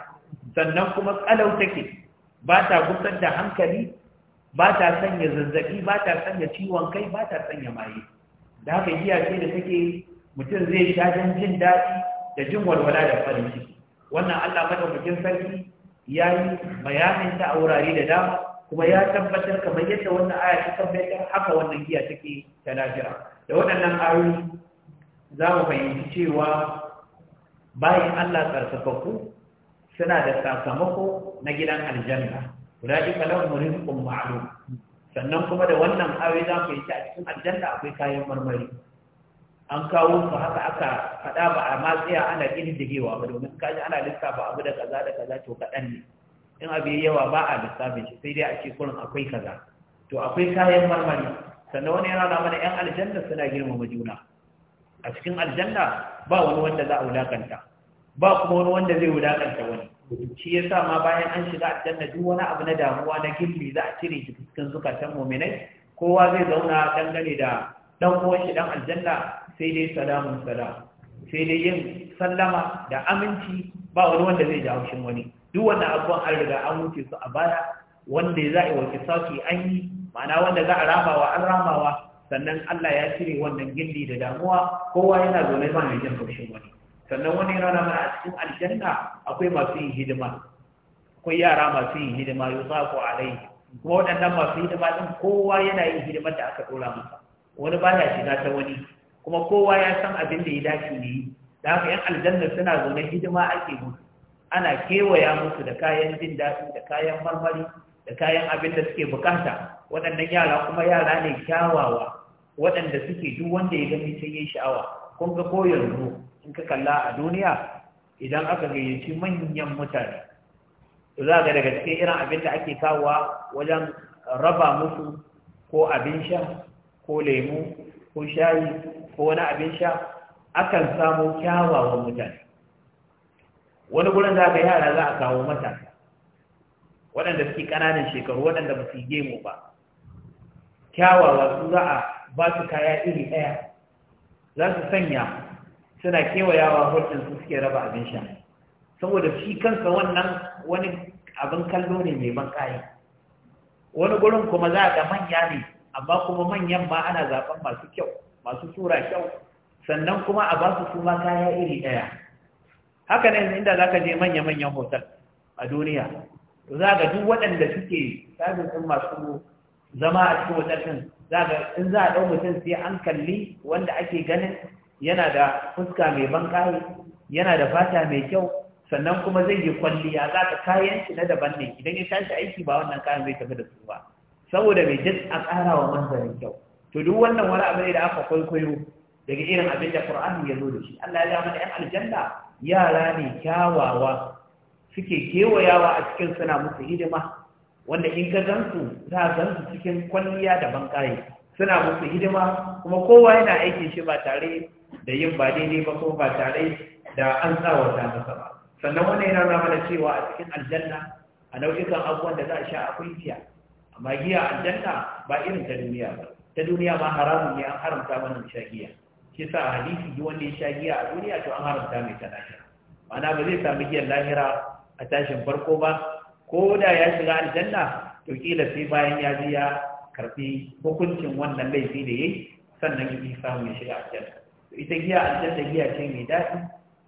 sannan kuma tsalau take ba ta gusar da hankali ba ta sanya zazzaɓi ba ta sanya ciwon kai ba ta sanya maye da haka giya ce da take mutum zai sha don jin daɗi da jin walwala da farin ciki wannan allah madaukakin sarki ya yi bayanin ta a wurare da dama kuma ya tabbatar kamar yadda wannan aya ta tabbatar haka wannan giya take ta lafiya. da waɗannan ayoyi za mu fahimci cewa bayan Allah tsarkakakku suna da sakamako na gidan aljanna ulai ka lahum rizqun ma'lum sannan kuma da wannan ayoyi za ku yi ta a cikin aljanna akwai kayan marmari an kawo su haka aka faɗa ba a matsaya ana ƙididdigewa ba domin kaji ana lissafa abu da kaza da kaza to kaɗan ne in abu yawa ba a lissafin shi sai dai a ce kurin akwai kaza to akwai kayan marmari sannan wani yana mana yan aljanna suna girmama juna a cikin aljanna ba wani wanda za a wulakanta ba kuma wani wanda zai wulakanta wani shi ya sa ma bayan an shiga aljanna duk wani abu na damuwa na gilli za a cire shi cikin zukatan muminai kowa zai zauna dangane da dan uwan shi dan aljanna sai dai salamun salam sai dai yin sallama da aminci ba wani wanda zai ji haushin wani duk wanda abubuwan an riga an wuce su a baya wanda za a yi wa kisaki an yi ma'ana wanda za a ramawa an ramawa sannan Allah ya cire wannan gilli da damuwa kowa yana zaune ba mai jin haushin wani sannan wani rana mana a cikin aljanna akwai masu yin hidima akwai yara masu yin hidima ku alai? kuma waɗannan masu hidima din kowa yana yin hidima da aka ɗora masa wani ba ya shiga ta wani kuma kowa ya san abin da ya dace ne da haka yan aljanna suna zaune hidima ake musu ana kewaya musu da kayan jin daɗi da kayan marmari da kayan abin da suke bukata waɗannan yara kuma yara ne kyawawa waɗanda suke duk wanda ya gani sai yayi sha'awa kun ga koyar in ka kalla a duniya idan aka gayyaci manyan mutane to za ga daga cikin irin abin da ake kawowa wajen raba musu ko abin sha ko lemu ko shayi ko wani abin sha akan samu kyawawan mutane wani gurin za yi yara za a kawo mata. waɗanda suke ƙananan shekaru waɗanda ba su yi gemu ba kyawawa su za a ba su kaya iri ɗaya za su sanya suna kewayawa hulɗin su suke raba abin sha saboda shi kansa wannan wani abin kallo ne mai ban wani gurin kuma za ga manya ne amma kuma manyan ma ana zaɓen masu kyau masu tura kyau sannan kuma a ba su suma kaya iri ɗaya haka ne inda za ka je manya-manyan hotel a duniya za ga duk waɗanda suke ɗin masu zama a cikin wajen zaga in za a ɗau mutum sai an kalli wanda ake ganin yana da fuska mai bankayi, yana da fata mai kyau sannan kuma zai yi kwalliya za ka kayan shi na daban ne idan ya tashi aiki ba wannan kayan zai tafi da su ba saboda mai jin a ƙara wa manzarin kyau to duk wannan wani abu ne da aka kwaikwayo daga irin abin da Qur'ani ya zo da shi Allah ya mana ɗan aljanna yara ne kyawawa suke kewayawa a cikin suna musu hidima wanda in ka gansu za a gansu cikin kwalliya da bankaye suna musu hidima kuma kowa yana aiki shi ba tare da yin ba daidai ba kuma ba tare da an ta masa ba sannan wannan yana nuna mana cewa a cikin aljanna a nau'ikan abubuwan da za a sha akwai giya amma giya aljanna ba irin ta duniya ba ta duniya ma haramun ne an haramta mana sha giya shi sa a hadisi duk wanda ya sha giya a duniya to an haramta mai ta lahira ma'ana ba zai sami giyan lahira a tashin farko ba ko da ya shiga aljanna to kila sai bayan ya je ya karbi hukuncin wannan laifi da yayi sannan ya samu ya shiga aljanna to ita giya aljanna giya ce mai daɗi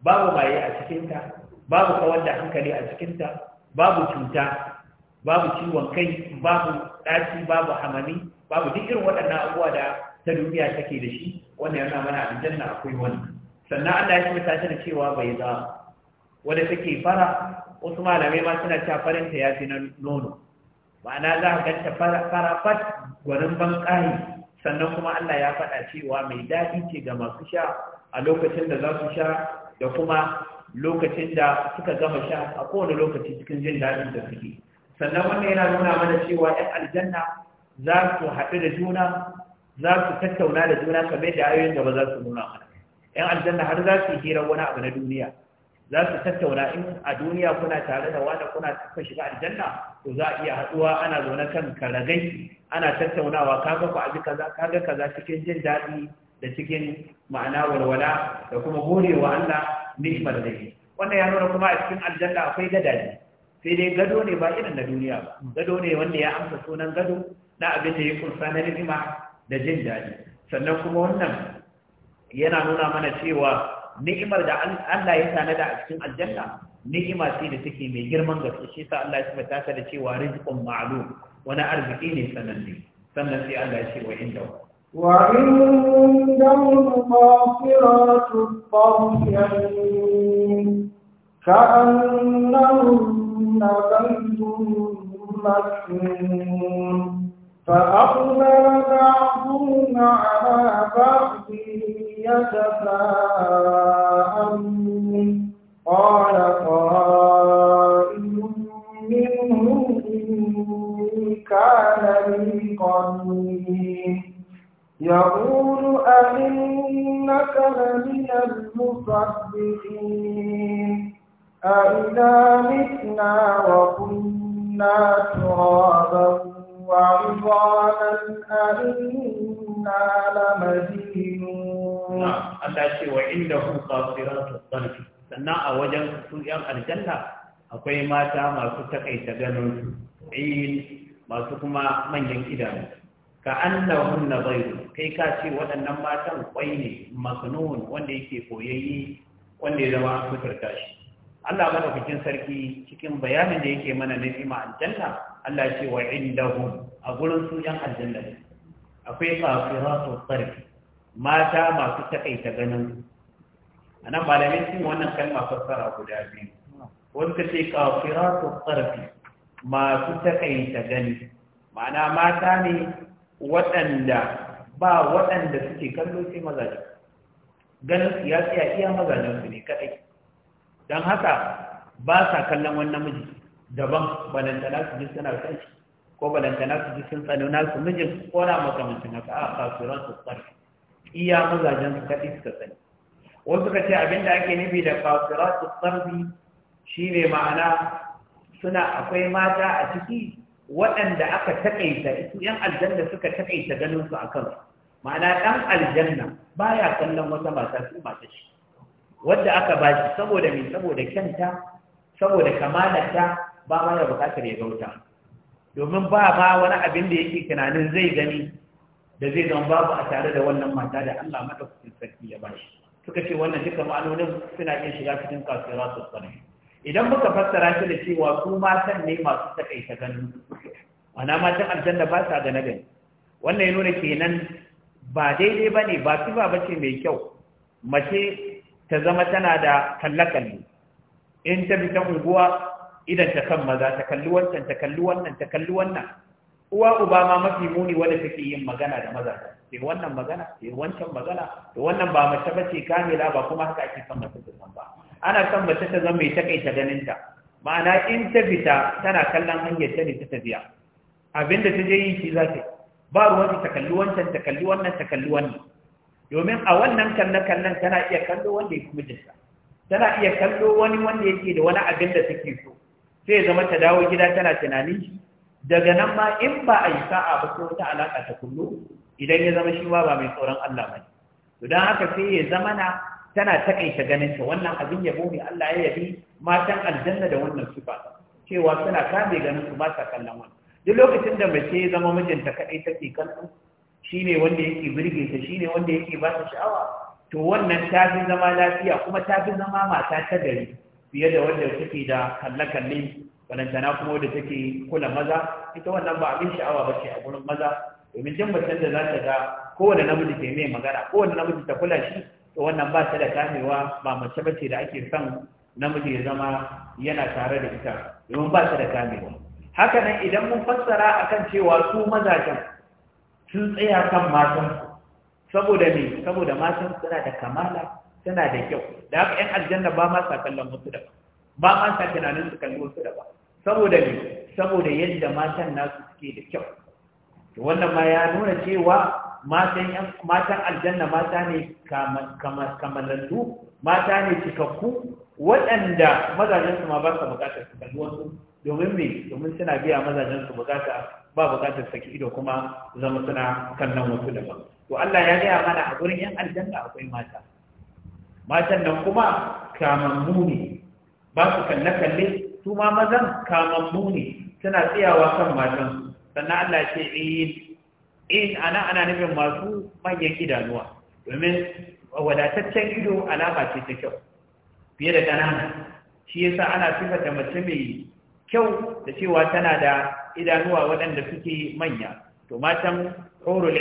babu maye a cikinta babu kawar da hankali a cikin ta babu cuta babu ciwon kai babu ɗaci babu amani, babu duk irin waɗannan abubuwa da ta duniya take da shi wannan yana mana aljanna akwai wannan sannan Allah ya ce ta da cewa bai za wadda take fara wasu malamai ma suna cewa farinta ya fi na nono ma'ana za ka ganta fara fat gwanin ban sannan kuma Allah ya faɗa cewa mai daɗi ce ga masu sha a lokacin da za su sha da kuma lokacin da suka gama sha a kowane lokaci cikin jin daɗin da suke sannan wannan yana nuna mana cewa 'yan aljanna za su haɗu da juna za su tattauna da juna kamar da ayoyin gaba za su nuna mana 'yan aljanna har za su yi hirar wani abu na duniya za su tattauna in a duniya kuna tare da wanda kuna kuka shiga aljanna to za a iya haduwa ana zaune kan karagai ana tattaunawa kaga ku abi kaza kaga kaza cikin jin daɗi da cikin ma'ana walwala da kuma gorewa Allah ni'mar da yi wannan ya nuna kuma a cikin aljanna akwai gadaje sai dai gado ne ba irin na duniya ba gado ne wanda ya amsa sunan gado na abin da ya kunsa na ni'ima da jin daɗi sannan kuma wannan yana nuna mana cewa ni'imar da Allah ya da a cikin aljanna ni'ima ce da take mai girman gaske shi sa Allah ya sifata ta da cewa rizqun ma'lum wani arziki ne sananne sannan sai Allah ya ce wa inda wa indahu maqiratu fawyan ka'annahunna بعضهم على يتفاءلون قال قائل منهم إني كان لي قنين يقول أئنك لمن المصدقين أئذا متنا وكنا ترابا وعظاما أئنا لمدينون kuma Allah ce wa inda ku qasiratu dhanbi sannan a wajen su yan aljanna akwai mata masu takaita ganin ayin masu kuma manyan idanu ka na ghayru kai ka ce waɗannan matan kwai ne masnun wanda yake koyayyi wanda ya zama fitarta shi Allah madaukakin sarki cikin bayanin da yake mana na ni'ima aljanna Allah ce wa inda hu a gurin su yan aljanna ne akwai qasiratu dhanbi mata masu takaita ganin a nan malamai sun wannan kalma fassara guda biyu wanda ka ce kafira su tsarfi masu takaita gani ma'ana mata ne waɗanda ba waɗanda suke kallo sai mazaje ganin ya tsaya iya mazajensu ne kaɗai don haka ba sa kallon wani namiji daban balantana su ji suna kan ko balantana su ji sun tsanuna nasu mijin ko na makamancin haka a kafiran su tsarfi iya mazajen su kaɗi suka sani wasu ka ce abinda ake nufi da kafiratu tsarbi shine ma'ana suna akwai mata a ciki waɗanda aka taƙaita su ‘yan aljanna suka taƙaita ganinsu a kansu ma'ana ɗan aljanna ba ya kallon wata mata su mata shi wadda aka ba shi saboda mai saboda kyanta saboda kamalarta ba ma da bukatar ya gauta domin ba ba wani abin da yake tunanin zai gani da zai zama babu a tare da wannan mata da Allah madaukakin sarki ya bashi suka ce wannan duka ma'anonin suna iya shiga cikin kasuwa sosai idan muka fassara shi da cewa su matan ne masu takaita ganin ana matan aljanna ba sa gane gani wannan ya nuna kenan ba daidai ba ne ba su ba ce mai kyau mace ta zama tana da kalle in ta bi ta unguwa idan ta kan maza ta kalli wancan ta kalli wannan ta kalli wannan uwa uba ma mafi muni wanda take yin magana da maza sai wannan magana sai wancan magana to wannan ba mace bace kamila ba kuma haka ake san mace ta ba ana son mace ta zama mai takaita ganin ta ma'ana in ta fita tana kallon hanyar ta ne ta tafiya abinda ta je yi shi za ta ba ruwan ta kalli wancan ta kalli wannan ta kalli wannan domin a wannan kalle kallon tana iya kallo wanda ya mijinta tana iya kallo wani wanda yake da wani abin da take so sai ya zama ta dawo gida tana tunanin shi daga nan ma in ba a yi sa'a ba ko wata alaƙa ta kullu idan ya zama shi ma ba mai tsoron Allah ba to don haka sai ya zama na tana taƙaita ganin ta wannan abin yabo ne Allah ya yabi matan aljanna da wannan sifa cewa suna kame ganin su ba sa kallon wani duk lokacin da mace ya zama mijinta kaɗai take kallon shine wanda yake birge ta shine wanda yake ba ta sha'awa to wannan ta fi zama lafiya kuma ta fi zama mata ta gari fiye da wanda take da kalle-kalle balantana kuma wadda take kula maza ita wannan ba abin sha'awa ba ce a gurin maza domin jin macen da za ta ga kowane namiji ke mai magana kowane namiji ta kula shi to wannan ba ta da kamewa ba mace ba ce da ake son namiji ya zama yana tare da ita domin ba ta da kamewa haka nan idan mun fassara akan cewa su mazajen sun tsaya kan matan saboda ne saboda matan suna da kamala suna da kyau da haka 'yan aljanna ba ma sa kallon musu da ba ma sa tunanin su kalli wasu da ba saboda ne saboda yadda matan nasu suke da kyau wannan ma ya nuna cewa matan aljanna mata ne kamalantu mata ne cikakku waɗanda mazajensu ma ba su bukatar su kalli wasu domin me domin suna biya mazajensu bukata ba bukatar saki ido kuma zama suna kallon wasu daban to Allah ya gaya mana a gurin yan aljanna akwai mata matan nan kuma kamammu ne ba su kalle kalle su ma mazan kamammu ne suna tsayawa kan matan sannan Allah ce in eh, in ana ana nufin masu manyan idanuwa domin wadataccen ido alama ce ta kyau fiye da ƙanana shi yasa ana sifata mace mai kyau da cewa tana da idanuwa waɗanda suke manya to matan horul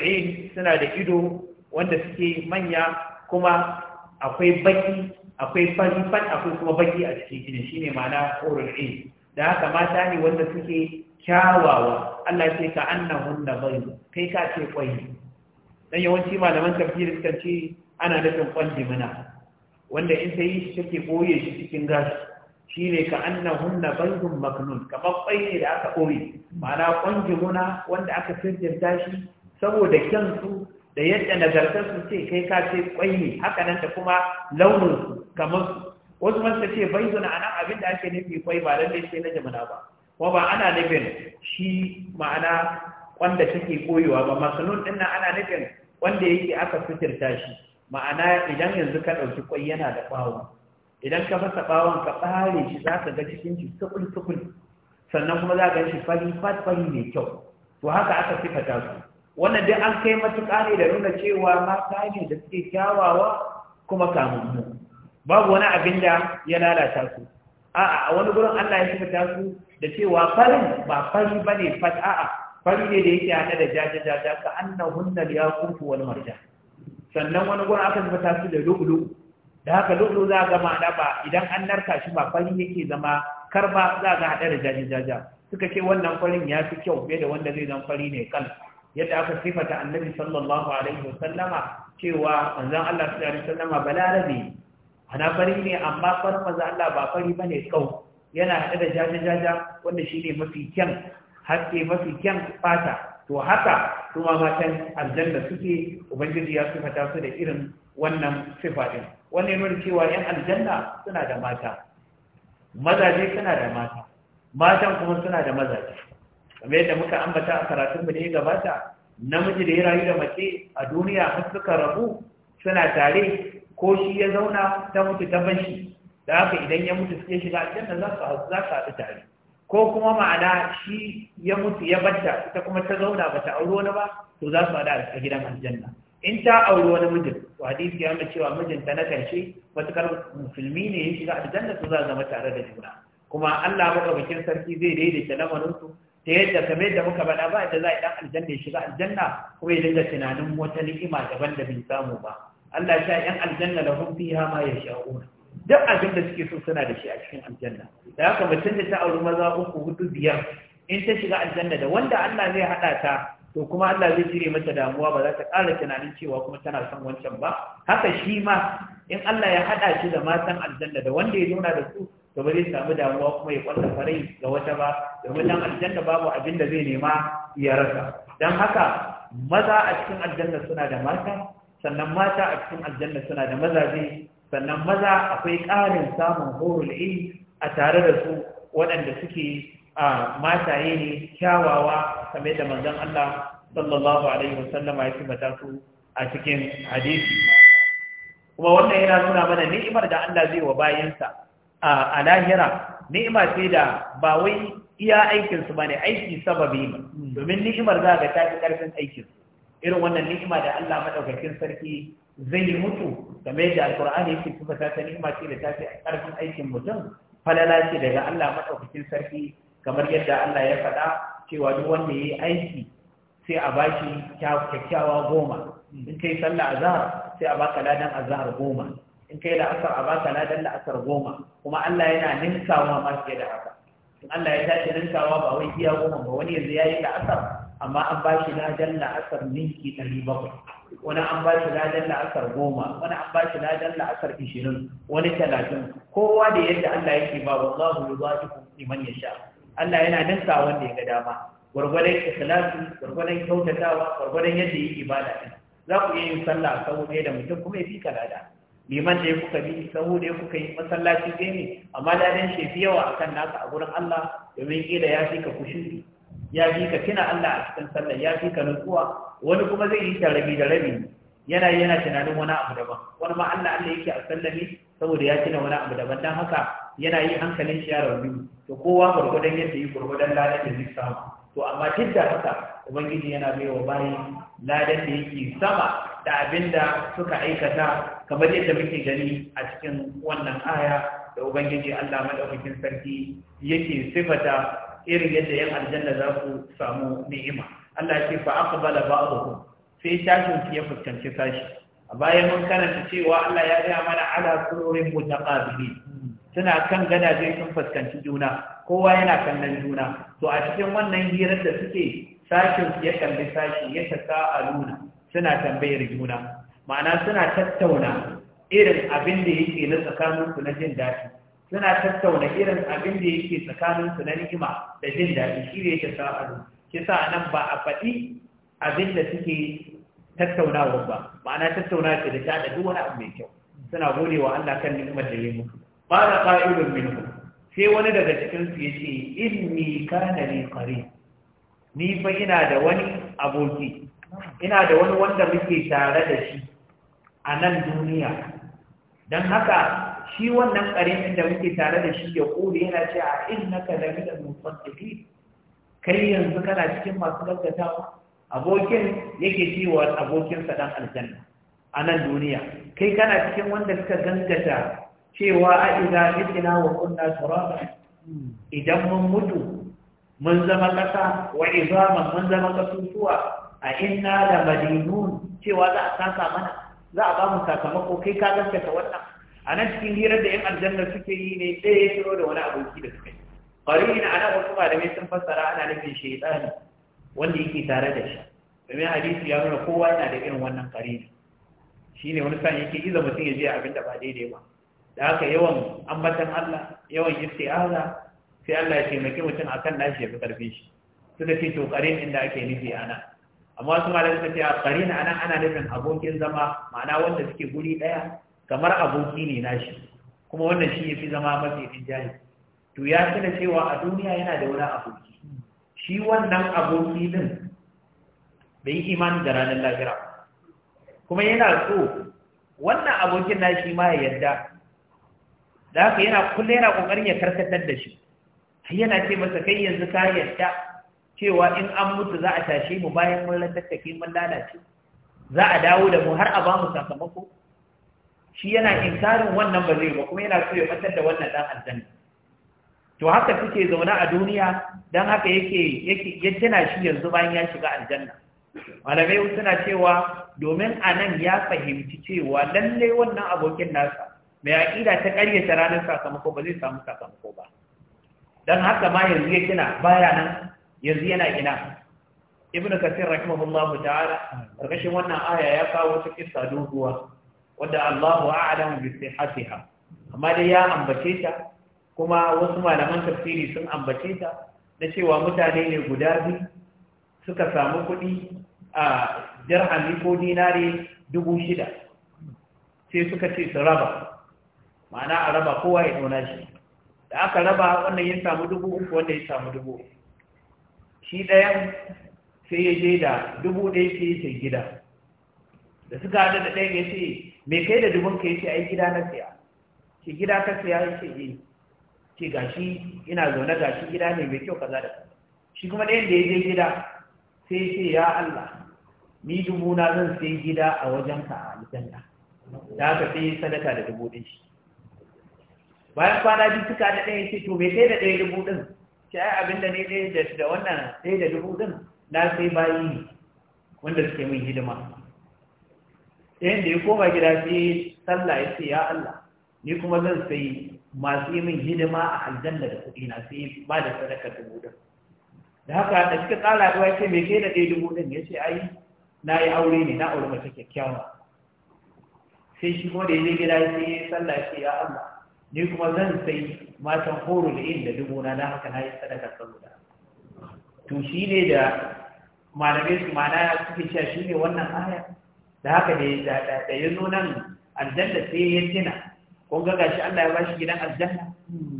suna da ido wanda suke manya kuma akwai baki akwai fari akwai kuma baki a cikin gini ne ma'ana ƙorin ɗin da haka mata ne wanda suke kyawawa Allah ce ka hunna bai kai ka ce kwai dan yawanci malaman tafsir suka ce ana nufin kwalli mana wanda in ta yi shi take boye shi cikin gashi shi ne ka bai baydun maknun kamar ƙwai ne da aka boye ma'ana kwanjimuna wanda aka firjinta shi saboda su, da yadda nagartarsu ce kai ka ce kwai ne haka nan da kuma launinsu kamar wasu masu ce bai zuna ana abin da ake nufi kwai ba lalle sai na jamana ba kuma ba ana nufin shi ma'ana wanda take koyowa ba masanun din nan ana nufin wanda yake aka fitirta shi ma'ana idan yanzu ka ɗauki kwai yana da ɓawon idan ka fasa ɓawon ka ɓare shi za ka ga cikin shi tukul tukul sannan kuma za ka ganshi fari fat fari mai kyau to haka aka sifata su wannan dai an kai matuƙa ne da nuna cewa mata ne da suke kyawawa kuma kamun mu babu wani abin da ya lalata su a'a a wani gurin Allah ya sifata su da cewa farin ba fari bane fat a'a fari ne da yake hada da jajajaja ka annahunna yaqutu wal marja sannan wani gurin aka sifata su da lu'lu da haka lu'lu za ga ma'ana ba idan an narka shi ba fari yake zama karba za ga hada da jajajaja suka ce wannan farin ya fi kyau fiye da wanda zai zan fari ne kan yadda aka sifata annabi sallallahu alaihi wasallama cewa manzon Allah sallallahu alaihi wasallama balarabe ana fari ne amma far maza Allah ba fari ba ne kau yana haɗe da jaja-jaja wanda shi ne mafi kyan haske mafi kyan fata to haka kuma matan aljanna suke ubangiji ya suka su da irin wannan sifa din wannan yana cewa yan aljanna suna da mata mazaje suna da mata matan kuma suna da mazaje kamar yadda muka ambata a karatun mu da ya gabata namiji da ya rayu da mace a duniya har rabu suna tare ko shi ya zauna ta mutu ta bashi da haka idan ya mutu suke shiga aljanna za su za su haɗu tare ko kuma ma'ana shi ya mutu ya batta ita kuma ta zauna bata auro wani ba to za su haɗu a gidan aljanna in ta auri wani mijin to hadisi ya nuna cewa mijinta na karshe matukar musulmi ne ya shiga aljanna to za su zama tare da juna kuma Allah makamakin sarki zai daidaita lamarin su ta yadda kamar da muka faɗa ba yadda za a yi dan aljanna ya shiga aljanna kuma ya dinga tunanin wata ni'ima daban da bai samu ba Allah ya yan aljanna da hum fiha ma yasha'una duk abin da suke so suna da shi a cikin aljanna da haka mutum da ta auri maza uku hudu biyar in ta shiga aljanna da wanda Allah zai hada ta to kuma Allah zai cire mata damuwa ba za ta ƙara tunanin cewa kuma tana son wancan ba haka shi ma in Allah ya hada shi da matan aljanna da wanda ya zauna da su to ba zai samu damuwa kuma ya kwalla farai ga wata ba domin dan aljanna babu abin da zai nema ya rasa dan haka maza a cikin aljanna suna da mata sannan mata a cikin aljanna suna da mazaje sannan maza akwai ƙarin samun da ilmi a tare da su waɗanda suke a mataye ne kyawawa Kamar da manzon Allah sallallahu alaihi wasallam ya mata su a cikin hadisi kuma wannan yana nuna mana ni'imar da Allah zai wa bayansa a lahira ni'ima ce da ba wai iya aikinsu ba ne aiki sababi ne hmm. domin ni'imar za ga ta fi ƙarfin aikinsu irin wannan ni'ima da Allah madaukakin sarki zai yi mutu game da al alkur'ani yake kuma ta ni'ima ce da ta fi karfin aikin mutum falala ce daga Allah madaukakin sarki kamar yadda Allah ya faɗa cewa duk wanda yayi aiki sai a bashi kyakkyawa goma in kai sallah azhar sai a baka ladan azhar goma in kai la'asar a baka ladan la'asar goma kuma Allah yana ninkawa ma fiye da haka in Allah ya tashi ninkawa ba wai iya goma ba wani yanzu yayi la'asar amma an ba shi ladan la'asar ninki ɗari bakwai wani an ba shi ladan la'asar goma wani an ba shi ladan la'asar ishirin wani talatin kowa da yadda Allah yake ba wallahu yudha'ifu liman yasha Allah yana ninka wanda ya ga dama gwargwadon ikhlasi gwargwadon kyautatawa gwargwadon yadda yake ibada din za ku iya yin sallah sahu ɗaya da mutum kuma ya fi kalada liman da ya kuka bi sahu da kuka yi masallaci ɗaya ne amma ladan shi fi yawa akan naka a gurin Allah domin kila ya fi ka kushi ya fi ka tuna Allah a cikin sallar ya fi ka nutsuwa wani kuma zai yi rabi da rabi yana yana tunanin wani abu daban wani ma Allah Allah yake a sallami saboda ya tuna wani abu daban dan haka yana yi hankalin shi ya rabi to kowa gurgudan yadda yi gurgudan ladan da zai sama to amma duk da haka ubangiji yana bai wa bayi ladan da yake sama da abinda suka aikata kamar yadda muke gani a cikin wannan aya da ubangiji Allah madaukakin sarki yake sifata irin yadda yan aljanna za ku samu ni'ima Allah ya ce fa aqbala ba'dhum sai tashin su ya fuskanci sashi a bayan mun karanta cewa Allah ya ga mana ala sururin mutaqabili suna kan gadaje sun fuskanci juna kowa yana kallon juna to a cikin wannan hirar da suke sashin ya kalli sashi ya nuna, suna tambayar juna ma'ana suna tattauna irin abin da yake na tsakaninku na jin daɗi suna tattauna irin abin da yake tsakanin su na ni'ima da jin daɗi shi ne ta sa'adu kisa nan ba a faɗi abin da suke tattaunawa ba ma'ana tattaunawa ce da ta da wani abu mai kyau suna gode wa Allah kan ni'imar da ya muku ba da min ku sai wani daga cikin su yace inni kana ni kare ni fa ina da wani aboki ina da wani wanda muke tare da shi a nan duniya dan haka shi wannan ƙarimin da muke tare da shi ya ƙuri yana ce a ka da minal musaddiqin kai yanzu kana cikin masu gaggatawa abokin yake cewa abokinsa dan aljanna a nan duniya kai kana cikin wanda suka gangata cewa a idza mitina wa kunna turaba idan mun mutu mun zama kasa wa izaman mun zama kasusuwa a inna la madinun cewa za a sasa mana za a ba mu sakamako kai ka gaskata wannan a nan cikin hirar da yan aljanna suke yi ne ɗaya ya shiro da wani aboki da suka yi qarina ana wasu malamai sun fassara ana nufin shaytani wanda yake tare da shi domin hadisi ya nuna kowa yana da irin wannan Shi ne wani san yake iza mutum ya je abin da ba daidai ba da haka yawan ambatan Allah yawan Allah, sai Allah ya taimake mutum akan nashi ya fi karfin shi suka ce to qarin inda ake nufi ana amma wasu malamai suka ce a qarin ana ana nufin abokin zama ma'ana wanda suke guri ɗaya. kamar aboki ne nashi kuma wannan shi ya fi zama mafi rinjaye to ya da cewa a duniya yana da wani aboki shi wannan aboki din bai yi imani da ranar lahira kuma yana so wannan abokin nashi ma ya yarda da haka yana kullum yana kokarin ya karkatar da shi yana ce masa kai yanzu ka yarda cewa in an mutu za a tashe mu bayan mun lantarki mun lalace za a dawo da mu har a ba mu sakamako shi yana inkarin wannan ba zai ba kuma yana so ya fatar da wannan dan aljanna to haka suke zaune a duniya dan haka yake yake ya shi yanzu bayan ya shiga aljanna malamai suna cewa domin anan ya fahimci cewa lalle wannan abokin nasa mai aƙida ta ƙaryata ranar sakamako ba zai samu sakamako ba dan haka ma yanzu ya tana baya nan yanzu yana ina ibnu kasir rahimahullahu ta'ala karkashin wannan aya ya kawo ta kissa doguwa wadda Allahu a'lam bi sihhatiha amma dai ya ambace ta kuma wasu malaman tafsiri sun ambace ta na cewa mutane ne guda biyu suka samu kuɗi a dirhami ko dinare dubu shida sai suka ce su raba ma'ana a raba kowa ya ɗona shi da aka raba wannan ya samu dubu uku wanda ya samu dubu shi ɗayan sai ya je da dubu ɗaya sai ya ce gida da suka haɗa da ɗaya ya ce me kai da dubun ka yace ai gida na siya ki gida ka siya yace eh ki gashi ina zaune gashi gida ne mai kyau kaza da kaza shi kuma ɗayan da ya je gida sai ce ya Allah ni dubu na zan sai gida a wajen ka a aljanna da aka sai sadaka da dubu din shi bayan kwana biyu suka da ɗaya ce to me kai da ɗaya dubu ɗin ki ai abin da ne ɗaya da wannan ɗaya da dubu ɗin na sai bayi ne wanda suke min hidima sai da ya koma gida sai sallah ya ce ya Allah ni kuma zan sai masu yi min hidima a aljanna da kuɗi na sai ba da sadaka dubu ɗin da haka da suka tsara ruwa ya ce me ke da ɗaya dubu ɗin ya ce ai na yi aure ne na aure mace kyakkyawa sai shi kuma da ya je gida sai ya sallah ya ce ya Allah ni kuma zan sai matan horo da yin da dubu na na haka na yi sadaka saboda to shi ne da malamai su mana suke cewa shi ne wannan aya da haka da ya nunan aljanna sai ya tuna kun ga gashi Allah ya ba shi gidan aljanna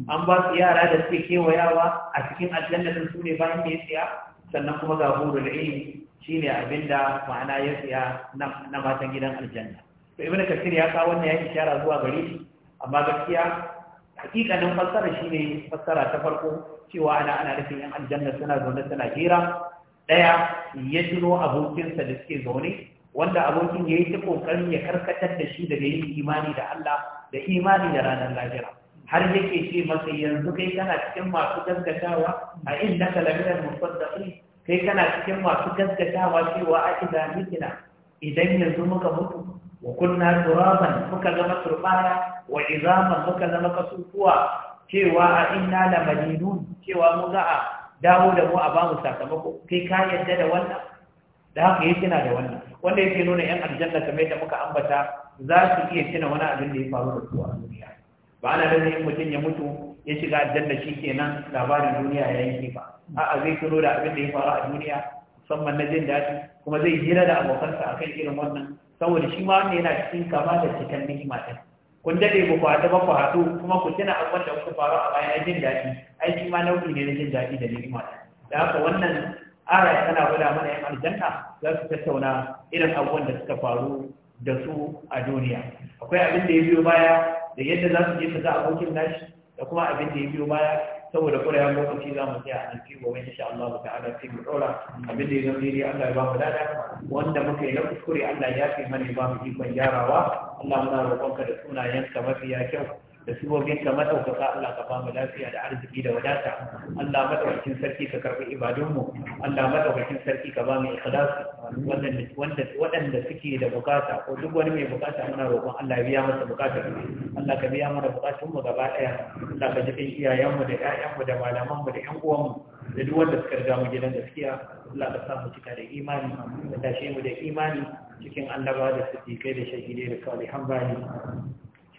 an ba su yara da suke kewayawa a cikin aljanna sun su ne bayan da ya tsaya sannan kuma ga da ilimi shine abinda ma'ana ya tsaya na matan gidan aljanna to ibnu kasir ya kawo wannan ya ishara zuwa gare shi amma gaskiya hakikanin fassara shine fassara ta farko cewa ana ana nufin yan aljanna suna zaune suna jira Ɗaya ya jiro abokinsa da suke zaune wanda abokin ya yi ta ƙoƙarin ya karkatar da shi daga yin imani da Allah da imani da ranar Lajira. har yake ce masa yanzu kai kana cikin masu gaggatawa a inda kalaminar musaddaqin kai kana cikin masu gaggatawa cewa a idza mikina idan yanzu muka mutu wa kunna turaban muka zama turbaya wa izaman muka zama kasusuwa cewa a inna lamadinun cewa mu za a dawo da mu a bamu sakamako kai ka yarda da wannan da haka yake na da wannan wanda yake nuna yan aljanna kamar da muka ambata za su iya tuna wani abin da ya faru da su a duniya ba ana da zai mutum ya mutu ya shiga aljanna shi kenan labarin duniya ya yanke ba a'a zai tuno da abin da ya faru a duniya musamman na jin daɗi kuma zai hira da abokansa akan irin wannan saboda shi ma wanda yana cikin kama da cikin ni'ima ɗin kun daɗe ba ku haɗu ba ku haɗu kuma ku tuna a da kuka faru a baya na jin daɗi ai shi ma nau'i ne na jin daɗi da ni'ima ɗin da haka wannan aya tana gwada mana yan aljanna za su tattauna irin abubuwan da suka faru da su a duniya akwai abin da ya biyo baya da yadda za su je su ga abokin nashi da kuma abin da ya biyo baya saboda ya lokaci za mu tsaya a nan gobe wani insha Allah ta ala fi mu abin da ya zama daidai Allah ya ba mu dada wanda muka yi na kuskure Allah ya fi mana ya ba mu ikon gyarawa Allah muna roƙonka da sunayen kamar mafiya kyau da subobin ka madaukaka Allah ka ba mu lafiya da arziki da wadata Allah madaukakin sarki ka karbi ibadunmu Allah madaukakin sarki ka ba mu ikhlas wannan wanda wadanda suke da bukata ko duk wani mai bukata muna roƙon Allah ya biya masa bukatar Allah ka biya mana bukatun mu gaba daya Allah ka ji iyayen mu da ƴaƴan mu da malaman mu da ƴan uwan mu da duk wanda suka riga mu gidan gaskiya Allah ka sa mu cika da imani da tashe mu da imani cikin annabawa da siddiqai da shahidai da salihan bani